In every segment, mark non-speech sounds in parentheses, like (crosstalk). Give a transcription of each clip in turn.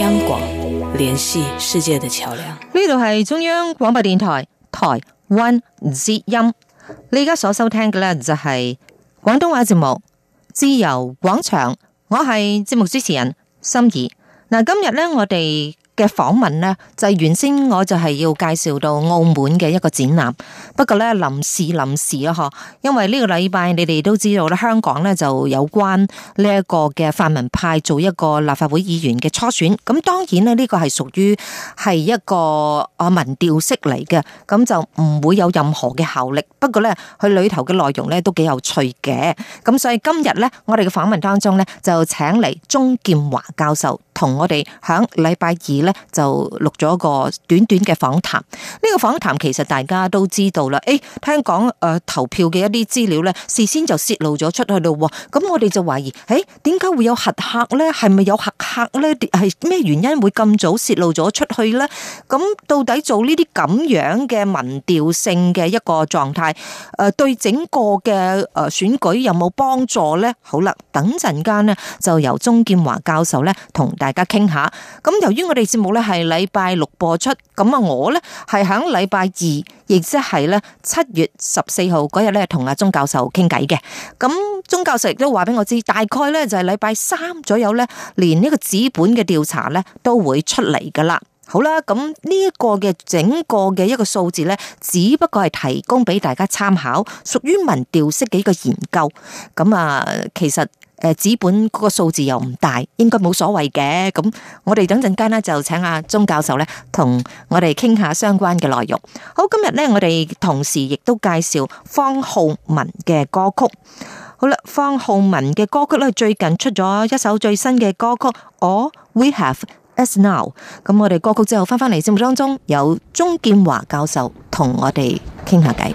香港聯繫世界的橋樑，呢度係中央廣播電台台灣之音。你而家所收聽嘅咧就係廣東話節目《自由廣場》，我係節目主持人心儀。嗱，今日咧我哋。嘅訪問呢，就係原先我就係要介紹到澳門嘅一個展覽，不過呢，臨時臨時啊，嗬，因為呢個禮拜你哋都知道咧，香港呢就有關呢一個嘅泛民派做一個立法會議員嘅初選，咁當然呢，呢、呢個係屬於係一個啊民調式嚟嘅，咁就唔會有任何嘅效力。不過呢，佢裏頭嘅內容呢都幾有趣嘅，咁所以今日呢，我哋嘅訪問當中呢，就請嚟鍾劍華教授同我哋響禮拜二呢就錄咗個短短嘅訪談，呢個訪談其實大家都知道啦。誒、哎，聽講誒投票嘅一啲資料咧，事先就泄露咗出去咯。咁我哋就懷疑，誒點解會有黑客咧？係咪有黑客咧？係咩原因會咁早泄露咗出去咧？咁到底做呢啲咁樣嘅民調性嘅一個狀態，誒對整個嘅誒選舉有冇幫助咧？好啦，等陣間呢，就由鍾劍華教授咧同大家傾下。咁由於我哋。節目咧係禮拜六播出，咁啊我咧係喺禮拜二，亦即係咧七月十四號嗰日咧同阿鍾教授傾偈嘅。咁鍾教授亦都話俾我知，大概咧就係禮拜三左右咧，連呢個紙本嘅調查咧都會出嚟噶啦。好啦，咁呢一個嘅整個嘅一個數字咧，只不過係提供俾大家參考，屬於民調式嘅一個研究。咁啊，其實。誒，紙本嗰個數字又唔大，應該冇所謂嘅。咁我哋等陣間呢，就請阿鍾教授呢同我哋傾下相關嘅內容。好，今日呢，我哋同時亦都介紹方皓文嘅歌曲。好啦，方皓文嘅歌曲咧最近出咗一首最新嘅歌曲，All We Have Is Now。咁我哋歌曲之後翻翻嚟節目當中，有鍾劍華教授同我哋傾下偈。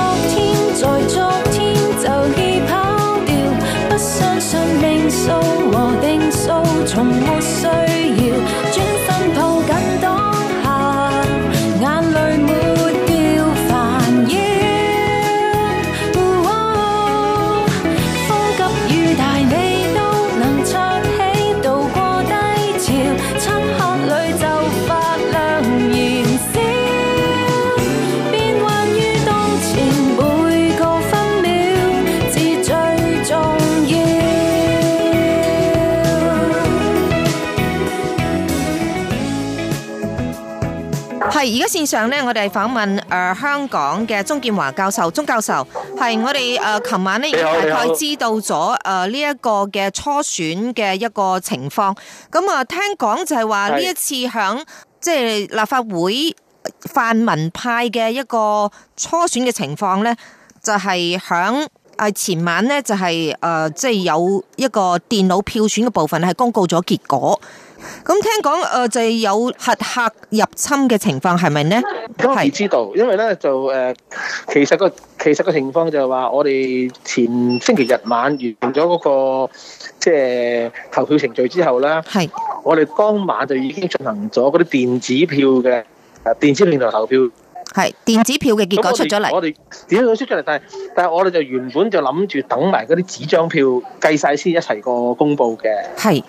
線上咧，我哋係訪問誒、呃、香港嘅鍾劍華教授，鐘教授係我哋誒，琴、呃、晚咧大概知道咗誒呢一個嘅初選嘅一個情況。咁啊，聽講就係話呢一次響即係立法會泛民派嘅一個初選嘅情況咧，就係響誒前晚咧就係誒即係有一個電腦票選嘅部分係公告咗結果。咁聽講誒，就係有黑客入侵嘅情況，係咪呢？咁我知道，是因為咧就誒、呃，其實、那個其實個情況就係話，我哋前星期日晚完咗嗰、那個即係、就是、投票程序之後咧，係是我哋當晚就已經進行咗嗰啲電子票嘅誒、啊、電子平台投票，係電子票嘅結果出咗嚟，我哋結果出咗嚟，但係但係我哋就原本就諗住等埋嗰啲紙張票計晒先一齊個公布嘅，係。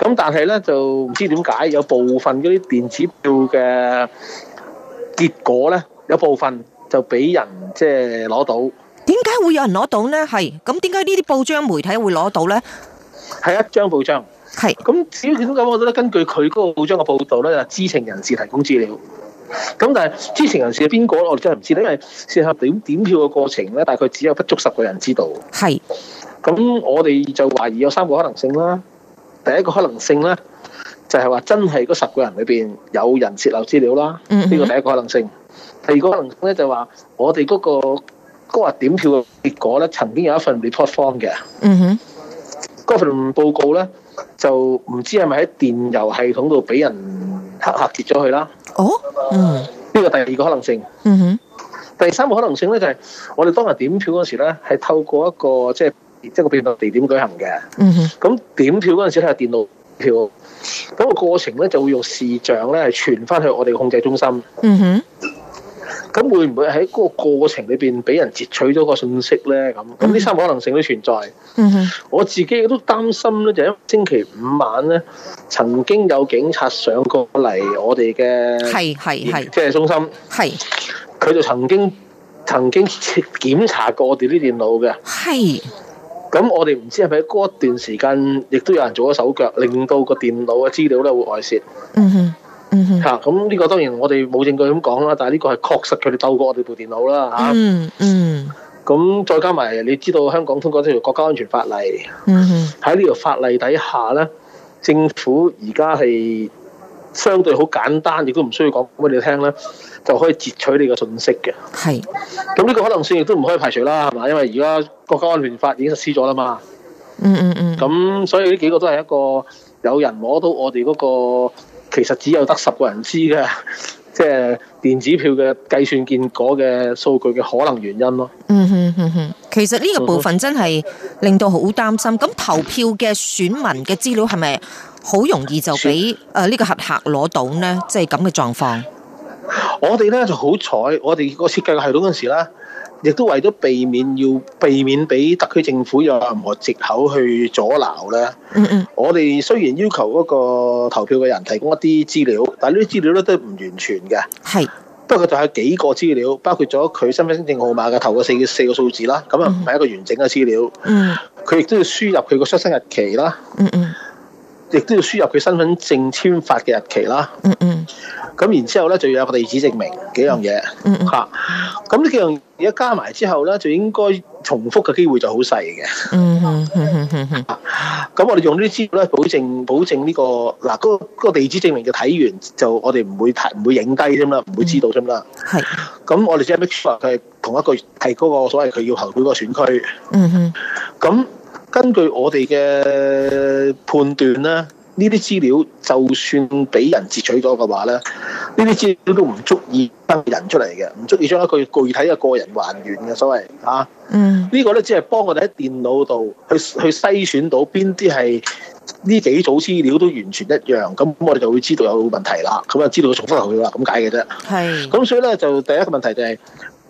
咁但係咧就唔知點解有部分嗰啲電子票嘅結果咧，有部分就俾人即係攞到。點解會有人攞到咧？係咁，點解呢啲報章媒體會攞到咧？係一張報章。係咁是，小史總，我覺得根據佢嗰個報章嘅報導咧，就知情人士提供資料。咁但係知情人士係邊個？我哋真係唔知，因為涉及點點票嘅過程咧，大概只有不足十個人知道。係是。咁我哋就懷疑有三個可能性啦。第一個可能性咧，就係、是、話真係嗰十個人裏邊有人泄漏資料啦。呢個、mm hmm. 第一個可能性。第二個可能性咧就話、是那個，我哋嗰個嗰日點票嘅結果咧，曾經有一份 report form 嘅。嗯哼、mm。嗰、hmm. 份報告咧，就唔知係咪喺電郵系統度俾人黑客截咗去啦？哦、oh? mm。嗯。呢個第二個可能性。嗯哼、mm。Hmm. 第三個可能性咧就係、是，我哋當日點票嗰時咧，係透過一個即係。就是即係個電腦地點舉行嘅，咁、mm hmm. 點票嗰陣時睇下電腦票，咁、個過程咧就會用視像咧傳翻去我哋控制中心。嗯哼、mm，咁、hmm. 會唔會喺嗰個過程裏邊俾人截取咗個信息咧？咁咁呢三個可能性都存在。嗯哼、mm，hmm. 我自己亦都擔心咧，就因為星期五晚咧，曾經有警察上過嚟我哋嘅係係係即係中心，係佢就曾經曾經檢查過我哋啲電腦嘅係。是是咁我哋唔知係咪喺一段時間，亦都有人做咗手腳，令到個電腦嘅資料咧會外泄。嗯哼，嗯哼，嚇！咁呢個當然我哋冇證據咁講啦，但係呢個係確實佢哋鬥過我哋部電腦啦嚇、嗯。嗯嗯。咁再加埋，你知道香港通過呢條國家安全法例，喺呢、嗯、哼條法例底下咧，政府而家係相對好簡單，亦都唔需要講俾你聽啦。就可以截取你個信息嘅、嗯，係。咁呢個可能性亦都唔可以排除啦，係嘛？因為而家國家安全法已經實施咗啦嘛。嗯嗯嗯。咁所以呢幾個都係一個有人攞到我哋嗰個，其實只有得十個人知嘅，即係電子票嘅計算結果嘅數據嘅可能原因咯、嗯嗯嗯。嗯哼嗯哼，其實呢個部分真係令到好擔心。咁、嗯嗯嗯、投票嘅選民嘅資料係咪好容易就俾誒呢個黑客攞到呢？即係咁嘅狀況。我哋咧就好彩，我哋個設計個系統嗰陣時咧，亦都為咗避免要避免俾特區政府有任何藉口去阻撓咧。嗯嗯，我哋雖然要求嗰個投票嘅人提供一啲資料，但呢啲資料咧都唔完全嘅。係是，不過佢就係幾個資料，包括咗佢身份證號碼嘅頭嗰四四個數字啦，咁啊唔係一個完整嘅資料。嗯，嗯，佢亦都要輸入佢個出生日期啦。嗯嗯。亦都要輸入佢身份證簽發嘅日期啦。嗯嗯、mm。咁、hmm. 然之後咧，就要有個地址證明幾樣嘢。嗯咁呢幾樣嘢加埋之後咧，就應該重複嘅機會就好細嘅。咁、mm hmm. 啊、我哋用這些資呢啲資料咧，保證保證呢、這個嗱嗰、啊那個那個地址證明就睇完就我哋唔會睇唔會影低啫嘛，唔會知道啫嘛。係、mm。咁、hmm. 啊、我哋即係 make sure 佢係同一個係嗰個所謂佢要候選嗰個選區。咁、mm。Hmm. 啊根據我哋嘅判斷，呢啲資料就算俾人截取咗嘅話咧，呢啲資料都唔足以登人出嚟嘅，唔足以將一個具體嘅個人還原嘅所謂嚇。啊、嗯呢，呢個咧只係幫我哋喺電腦度去去篩選到邊啲係呢幾組資料都完全一樣，咁我哋就會知道有問題啦，咁啊知道重複嚟佢啦，咁解嘅啫。係。咁所以咧，就第一個問題就係、是。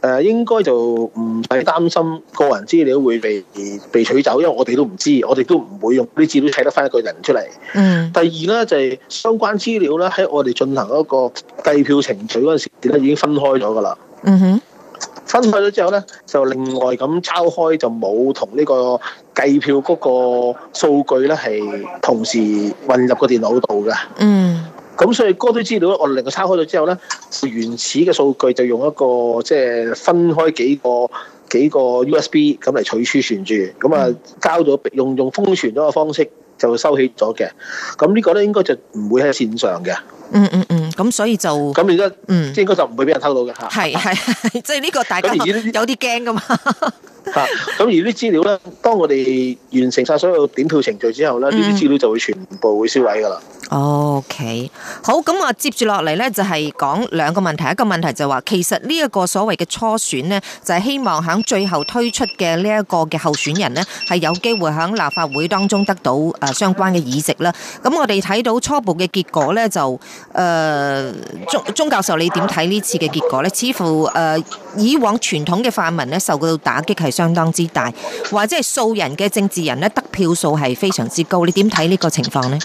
誒應該就唔使擔心個人資料會被，被取走，因為我哋都唔知，我哋都唔會用啲資料睇得返一個人出嚟。嗯、mm。Hmm. 第二呢，就係、是、相關資料呢，喺我哋進行一個計票程序嗰陣時咧已經分開咗㗎啦。嗯哼、mm。Hmm. 分開咗之後呢，就另外咁抄開，就冇同呢個計票嗰個數據呢，係同時混入個電腦度㗎。嗯、mm。Hmm. 咁所以嗰堆資料，我另外抄開咗之後咧，原始嘅數據就用一個即係、就是、分開幾個幾個 USB 咁嚟儲存住，咁啊交咗用用封存咗嘅方式就收起咗嘅。咁呢個咧應該就唔會喺線上嘅。嗯嗯嗯，咁所以就咁然之後，嗯，應該就唔會俾人偷到嘅嚇。係係係，即係呢個大家有啲驚噶嘛且。 (laughs) 咁 (laughs) 而啲資料呢，當我哋完成晒所有點票程序之後呢，呢啲、嗯、資料就會全部會銷毀噶啦。o、okay. k 好咁啊，我接住落嚟呢，就係、是、講兩個問題。一個問題就話、是，其實呢一個所謂嘅初選呢，就係、是、希望喺最後推出嘅呢一個嘅候選人呢，係有機會喺立法會當中得到誒、呃、相關嘅議席啦。咁我哋睇到初步嘅結果呢，就誒鍾鍾教授你點睇呢次嘅結果呢？似乎誒、呃、以往傳統嘅泛民呢，受到打擊係相，相當之大，或者係素人嘅政治人咧，得票數係非常之高。你點睇呢個情況咧？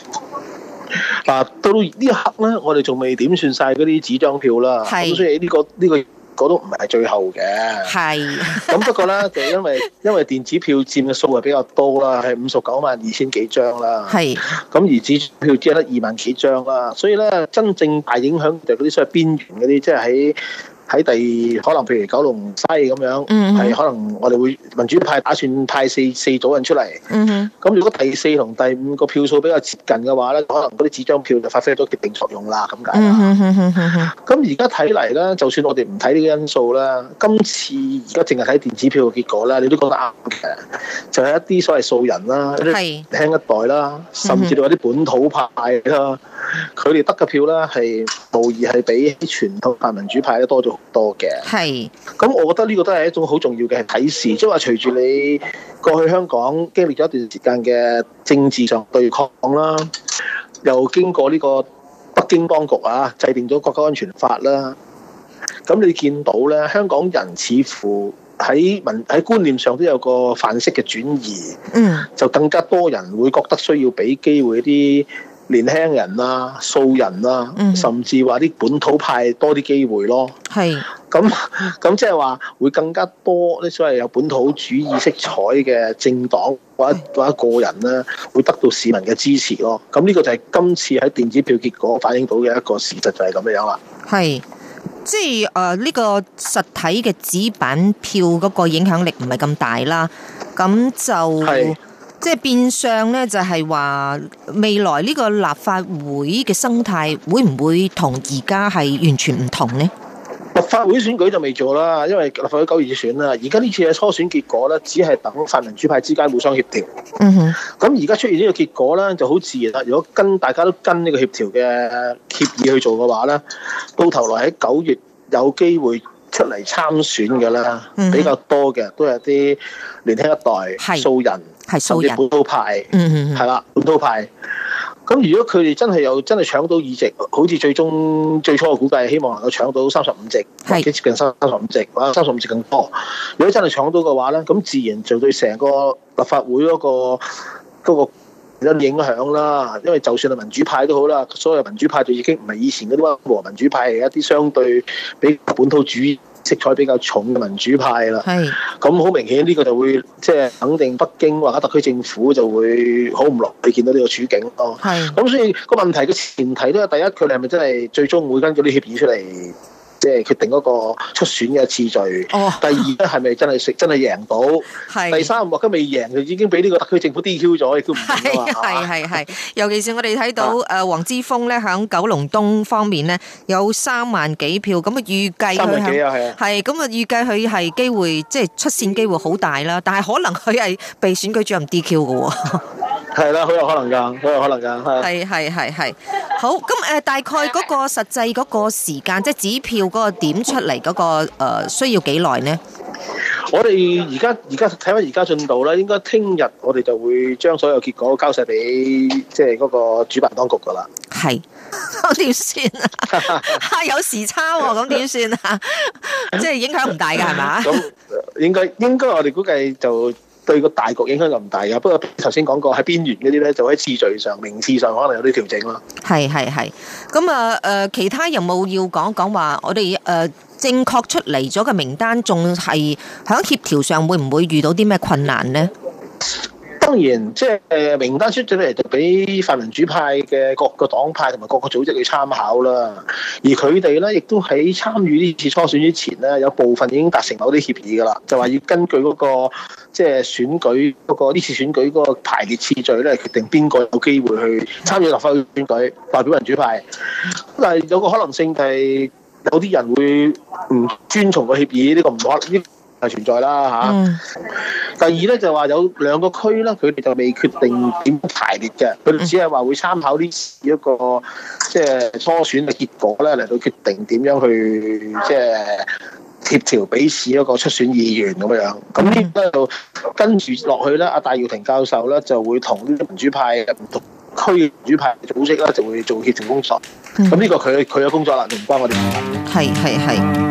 嗱，到呢一刻咧，我哋仲未點算晒嗰啲紙張票啦，所以呢個呢個嗰都唔係最後嘅。係咁，不過咧就因為因為電子票佔嘅數係比較多啦，係五十九萬二千幾張啦。係咁而紙票只係得二萬幾張啦，所以咧真正大影響就係嗰啲所謂邊緣嗰啲，即係喺。喺第二可能譬如九龍西咁樣，係、嗯、哼可能我哋會民主派打算派四四組人出嚟。咁、嗯、哼如果第四同第五個票數比較接近嘅話咧，可能嗰啲紙張票就發揮咗決定作用啦，咁解啦。咁而家睇嚟咧，就算我哋唔睇呢個因素咧，今次而家淨係睇電子票嘅結果咧，你都覺得啱嘅，就係、是、一啲所謂素人啦，啲是輕一代啦，嗯、哼甚至到一啲本土派啦。佢哋得嘅票咧，係無疑係比傳統泛民主派咧多咗好多嘅。係。咁我覺得呢個都係一種好重要嘅啟示，即係話隨住你過去香港經歷咗一段時間嘅政治上對抗啦，又經過呢個北京當局啊制定咗國家安全法啦，咁你見到咧，香港人似乎喺民喺觀念上都有個範式嘅轉移，嗯，就更加多人會覺得需要俾機會啲年輕人啦、啊、素人啦、啊，嗯、甚至話啲本土派多啲機會咯。係咁咁，即係話會更加多啲所謂有本土主義色彩嘅政黨或或個人咧，係，會得到市民嘅支持咯。咁呢個就係今次喺電子票結果反映到嘅一個事實就，就係咁嘅樣啦。係，即係誒呢個實體嘅紙板票嗰個影響力唔係咁大啦，咁就。即係變相咧，就係話未來呢個立法會嘅生態會唔會同而家係完全唔同呢？立法會選舉就未做啦，因為立法會九月選啦。而家呢次嘅初選結果咧，只係等泛民主派之間互相協調。嗯哼、mm。咁而家出現呢個結果咧，就好自然啦。如果跟大家都跟呢個協調嘅協議去做嘅話咧，到頭來喺九月有機會出嚟參選嘅啦，比較多嘅都係啲年輕一代、素人。Mm hmm. 係甚至本土派，嗯嗯，係啦，本土派。咁如果佢哋真係有真係搶到議席，好似最終最初嘅估計，希望能夠搶到三十五席，係接近三三十五席，啊，三十五席更多。如果真係搶到嘅話咧，咁自然就對成個立法會嗰、嗰個、嗰個因影響啦。因為就算係民主派都好啦，所有民主派就已經唔係以前嗰啲温和民主派嚟，一啲相對比本土主義的。色彩比較重嘅民主派啦，咁好是的 明顯呢個就會即係、就是、肯定北京或者特區政府就會好唔落去見到呢個處境咯。咁是的 所以個問題嘅前提咧，第一佢哋係咪真係最終會跟咗啲協議出嚟？即係決定嗰個出選嘅次序。哦，第二咧係咪真係食真係贏到？係。第三，或者未贏，佢已經俾呢個特區政府 DQ 咗，亦都唔係啊！係係係。尤其是我哋睇到誒黃之鋒咧，響九龍東方面咧有三萬幾票，咁啊預計三萬幾啊係啊，係咁啊預計佢係機會即係出線機會好大啦，但係可能佢係被選舉主任 DQ 嘅喎。係啦，好有可能噶，好有可能噶，係。係係係係，好，咁誒，大概嗰個實際嗰個時間，即係紙票嗰個點出嚟嗰個誒，需要幾耐呢？我哋而家而家睇翻而家進度啦，應該聽日我哋就會將所有結果交晒俾即係嗰個主辦當局噶啦。係，我點算啊？有時差咁點算啊？即係影響唔大噶係嘛？咁應該應該我哋估計就。對個大局影響就唔大嘅，不過頭先講過喺邊緣嗰啲呢，就喺次序上、名次上可能有啲調整咯。係係係，咁啊誒，其他有冇要講講話？我哋誒，正確出嚟咗嘅名單，仲係響協調上會唔會遇到啲咩困難呢？當然，即係名單出咗嚟就俾泛民主派嘅各個黨派同埋各個組織去參考啦。而佢哋咧，亦都喺參與呢次初選之前咧，有部分已經達成某啲協議㗎啦，就話要根據嗰個即係選舉嗰個呢次選舉嗰個排列次序咧，決定邊個有機會去參與立法會選舉，代表民主派。但係，有個可能性係有啲人會唔遵從個協議，呢個唔可能。係存在啦嚇。嗯、第二咧就話有兩個區啦，佢哋就未決定點排列嘅，佢哋只係話會參考呢次一個即係、就是、初選嘅結果咧嚟到決定點樣去即係、就是、協調比市一個出選議員咁樣樣。咁、嗯、呢度跟住落去咧，阿戴耀廷教授咧就會同呢啲民主派嘅唔同區嘅民主派組織咧就會做協調工作。咁呢、嗯、個佢佢嘅工作啦，就唔關我哋。係係係。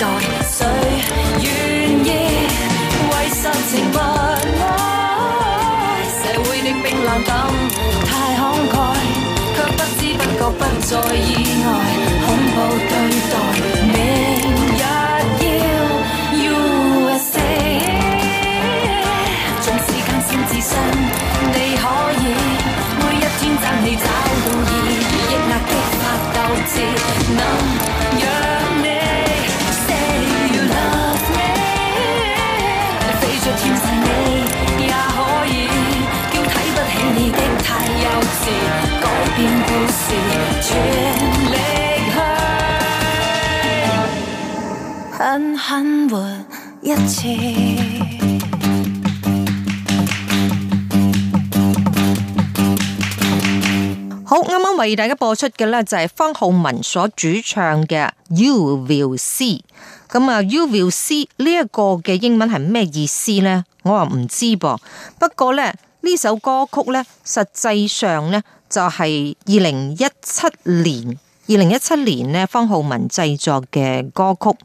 誰願意為實情默哀？社會的冰冷感太慷慨，卻不知不覺不再意外，恐怖對待。生活一次。好，啱啱為大家播出嘅呢，就係方皓文所主唱嘅 You Will See。咁啊，嗯，You Will See 呢一個嘅英文係咩意思呢？我話唔知噃。不過呢，呢首歌曲呢，實際上呢，就係二零一七年，二零一七年呢，方皓文製作嘅歌曲。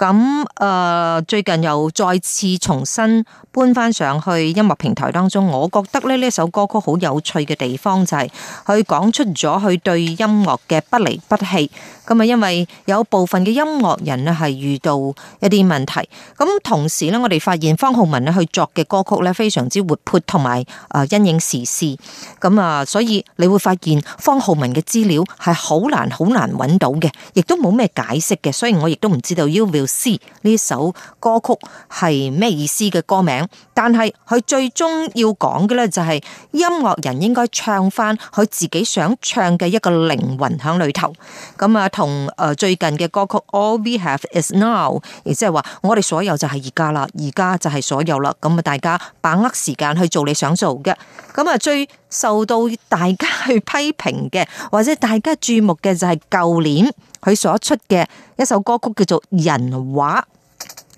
咁誒最近又再次重新搬返上去音樂平台當中，我覺得咧呢首歌曲好有趣嘅地方就係佢講出咗佢對音樂嘅不離不棄，咁啊，因為有部分嘅音樂人咧係遇到一啲問題，咁同時咧我哋發現方皓文咧去作嘅歌曲咧非常之活潑同埋誒因應時事。咁啊，所以你會發現方皓文嘅資料係好難好難揾到嘅，亦都冇咩解釋嘅。雖然我亦都唔知道詩呢首歌曲係咩意思嘅歌名？但係佢最終要講嘅呢，就係音樂人應該唱翻佢自己想唱嘅一個靈魂響裏頭。咁啊，同誒最近嘅歌曲《All We Have Is Now》，亦即係話我哋所有就係而家啦，而家就係所有啦。咁啊，大家把握時間去做你想做嘅。咁啊，最受到大家去批評嘅或者大家注目嘅就係舊年。佢所出嘅一首歌曲叫做《人話》。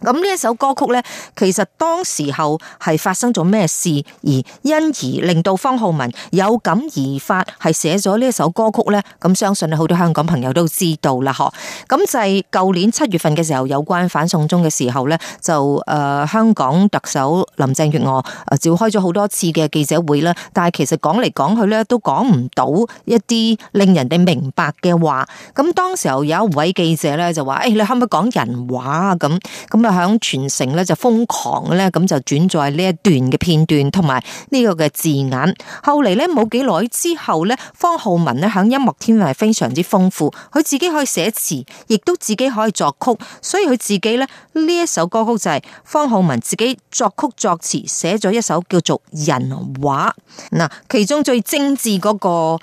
咁呢一首歌曲咧，其實當時候係發生咗咩事，而因而令到方皓文有感而發，係寫咗呢一首歌曲咧。咁相信好多香港朋友都知道啦，嗬。咁就係舊年七月份嘅時候，有關反送中嘅時候咧，就誒香港特首林鄭月娥誒召開咗好多次嘅記者會啦。但係其實講嚟講去咧，都講唔到一啲令人哋明白嘅話。咁當時候有一位記者咧就話：誒，你可唔可以講人話啊？咁咁啊！響全城咧就瘋狂咧咁就轉載呢一段嘅片段同埋呢個嘅字眼。後嚟咧冇幾耐之後咧，方皓文咧響音樂天分係非常之豐富，佢自己可以寫詞，亦都自己可以作曲，所以佢自己咧呢一首歌曲就係方皓文自己作曲作詞寫咗一首叫做《人話》嗱，其中最精致嗰個誒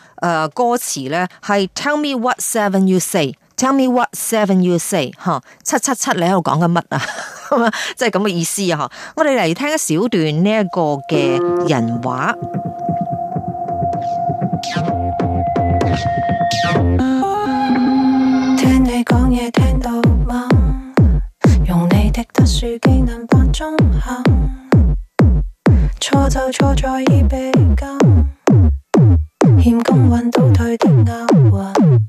歌詞咧係 Tell me what seven you say。Tell me what seven you say？Huh? 七七七，你喺度講緊乜啊？即係咁嘅意思啊！Huh? 我哋嚟聽一小段呢一個嘅人話。聽你講嘢聽到悶，用你的特殊技能扮中肯。錯就錯在已被禁，欠公允倒退的厄運。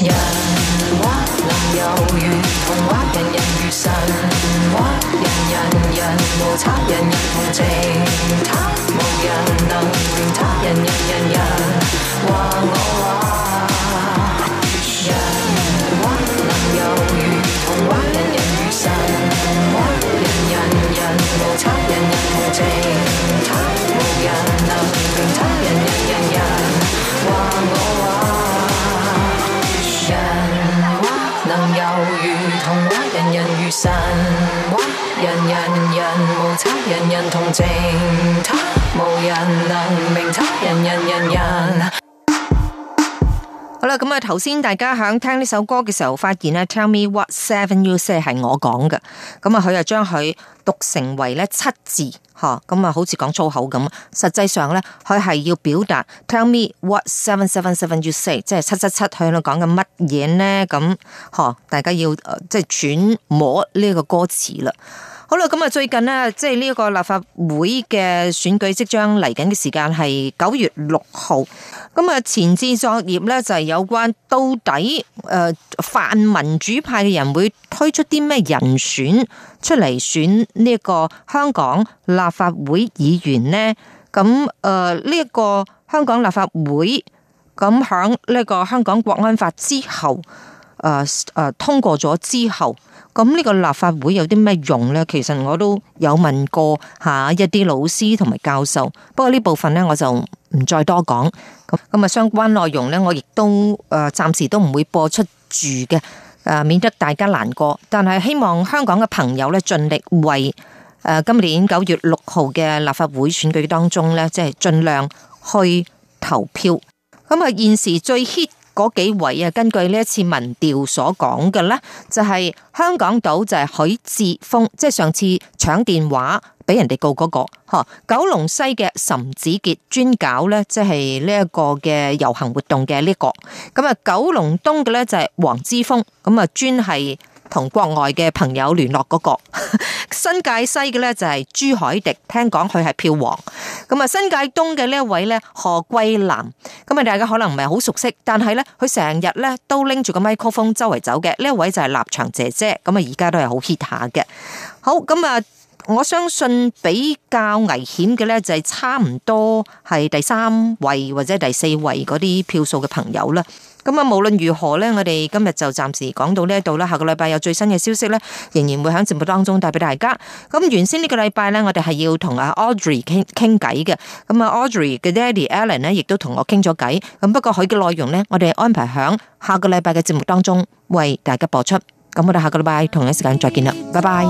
好啦，咁啊，頭先大家響聽呢首歌嘅時候，發現咧，Tell me what seven you say 係我講嘅，咁啊，佢又將佢讀成為咧七字，吓，咁啊，好似講粗口咁。實際上咧，佢係要表達 Tell me what seven seven seven you say，即係、就是、七七七，佢喺度講緊乜嘢呢？咁，嗬，大家要即係揣摩呢個歌詞啦。好啦，咁啊，最近呢，即係呢一個立法會嘅選舉即將嚟緊嘅時間係九月六號。咁啊，前置作業呢，就係、是、有關到底誒、呃、泛民主派嘅人會推出啲咩人選出嚟選呢一個香港立法會議員呢？咁，誒呢一個香港立法會，咁響呢個香港國安法之後。誒誒，通過咗之後，咁呢個立法會有啲咩用咧？其實我都有問過下一啲老師同埋教授，不過呢部分咧，我就唔再多講。咁咁啊，相關內容咧，我亦都誒暫時都唔會播出住嘅，誒，免得大家難過。但係希望香港嘅朋友咧，盡力為誒今年九月六號嘅立法會選舉當中咧，即係盡量去投票。咁啊，現時最 hit。嗰幾位啊，根據呢一次民調所講嘅咧，就係、是、香港島就係許智峰，即、就、係、是、上次搶電話俾人哋告嗰、那個，九龍西嘅岑子傑專搞咧，即係呢一個嘅遊行活動嘅呢、這個，咁啊九龍東嘅咧就係黃之鋒，咁啊專係，同國外嘅朋友聯絡嗰個，新界西嘅咧就係朱凱迪，聽講佢係票王。咁啊，新界東嘅呢一位咧何桂藍，咁啊大家可能唔係好熟悉，但係咧佢成日咧都拎住個麥克風周圍走嘅。呢一位就係立場姐姐，咁啊而家都係好 hit 下嘅。好，咁啊我相信比較危險嘅咧就係差唔多係第三位或者第四位嗰啲票數嘅朋友啦。啊，無論如何我哋今日就暫時講到呢度啦。下個禮拜有最新嘅消息仍然會喺節目當中帶畀大家。原先呢個禮拜我哋係要同阿 Aud Audrey 傾傾偈嘅。Audrey 嘅 Daddy Allen 也亦都同我傾咗偈。不過佢嘅內容我哋安排喺下個禮拜嘅節目當中為大家播出。我哋下個禮拜同一時間再見啦，拜拜。